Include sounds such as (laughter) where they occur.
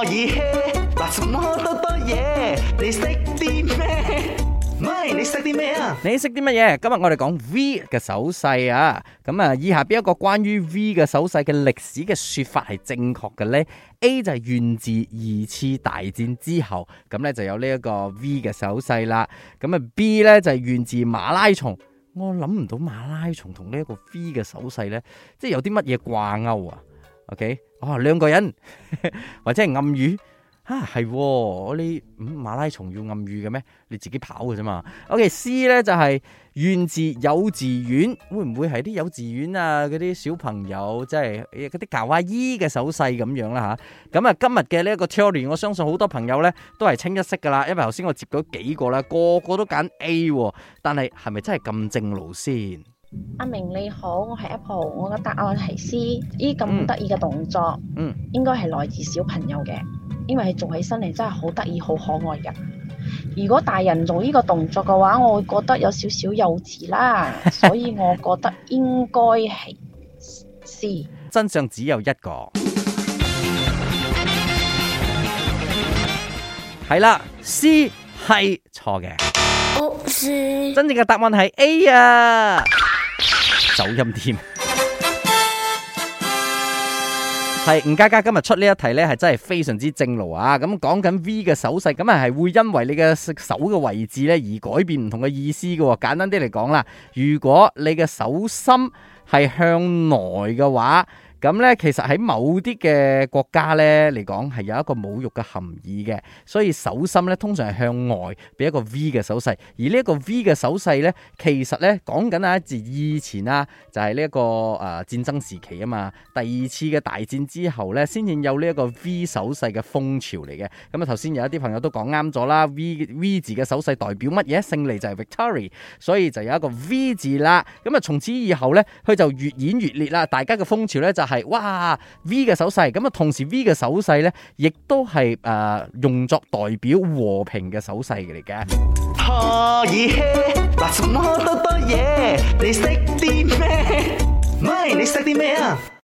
我耳嗱， (music) 什麼多多嘢？你識啲咩？唔係，你識啲咩啊？你識啲乜嘢？今日我哋講 V 嘅手勢啊！咁啊，以下邊一個關於 V 嘅手勢嘅歷史嘅説法係正確嘅咧？A 就係源自二次大戰之後，咁咧就有呢一個 V 嘅手勢啦。咁啊，B 咧就係源自馬拉松。我諗唔到馬拉松同呢一個 V 嘅手勢咧，即係有啲乜嘢掛鈎啊？OK。哦，兩個人或者係暗語，吓，係我啲馬拉松要暗語嘅咩？你自己跑嘅啫嘛。O.K. C 呢就係源自幼稚園，會唔會係啲幼稚園啊？嗰啲小朋友即係嗰啲教阿姨嘅手勢咁樣啦吓。咁啊，今日嘅呢一個 challenge 我相信好多朋友呢都係清一色噶啦，因為頭先我接咗幾個啦，個個都揀 A，但係係咪真係咁正路先？阿明你好，我係 Apple，我嘅答案係 C。呢咁得意嘅動作，應該係來自小朋友嘅，因為佢做起身嚟真係好得意，好可愛㗎。如果大人做呢個動作嘅話，我會覺得有少少幼稚啦，所以我覺得應該係 C。 (laughs) 真相只有一個，係啦 (music) ，C 係錯嘅，oh, C. 真正嘅答案係 A 啊。手音添樂，係吳家家今日出呢一題呢係真係非常之正路啊！咁講緊 V 嘅手勢，咁係係會因為你嘅手嘅位置咧而改變唔同嘅意思噶。簡單啲嚟講啦，如果你嘅手心係向內嘅話。咁咧，其實喺某啲嘅國家咧嚟講係有一個侮辱嘅含義嘅，所以手心咧通常係向外，俾一個 V 嘅手勢，而呢一個 V 嘅手勢咧，其實咧講緊啊，自以前啊，就係呢一個誒、呃、戰爭時期啊嘛，第二次嘅大戰之後咧，先至有呢一個 V 手勢嘅風潮嚟嘅。咁啊，頭先有一啲朋友都講啱咗啦，V V 字嘅手勢代表乜嘢？勝利就係 Victory，所以就有一個 V 字啦。咁啊，從此以後咧，佢就越演越烈啦，大家嘅風潮咧就。係哇 V 嘅手勢，咁啊同時 V 嘅手勢咧，亦都係誒、呃、用作代表和平嘅手勢嚟嘅。可以咩？嗱，什麼都多嘢，你識啲咩？咪你識啲咩啊？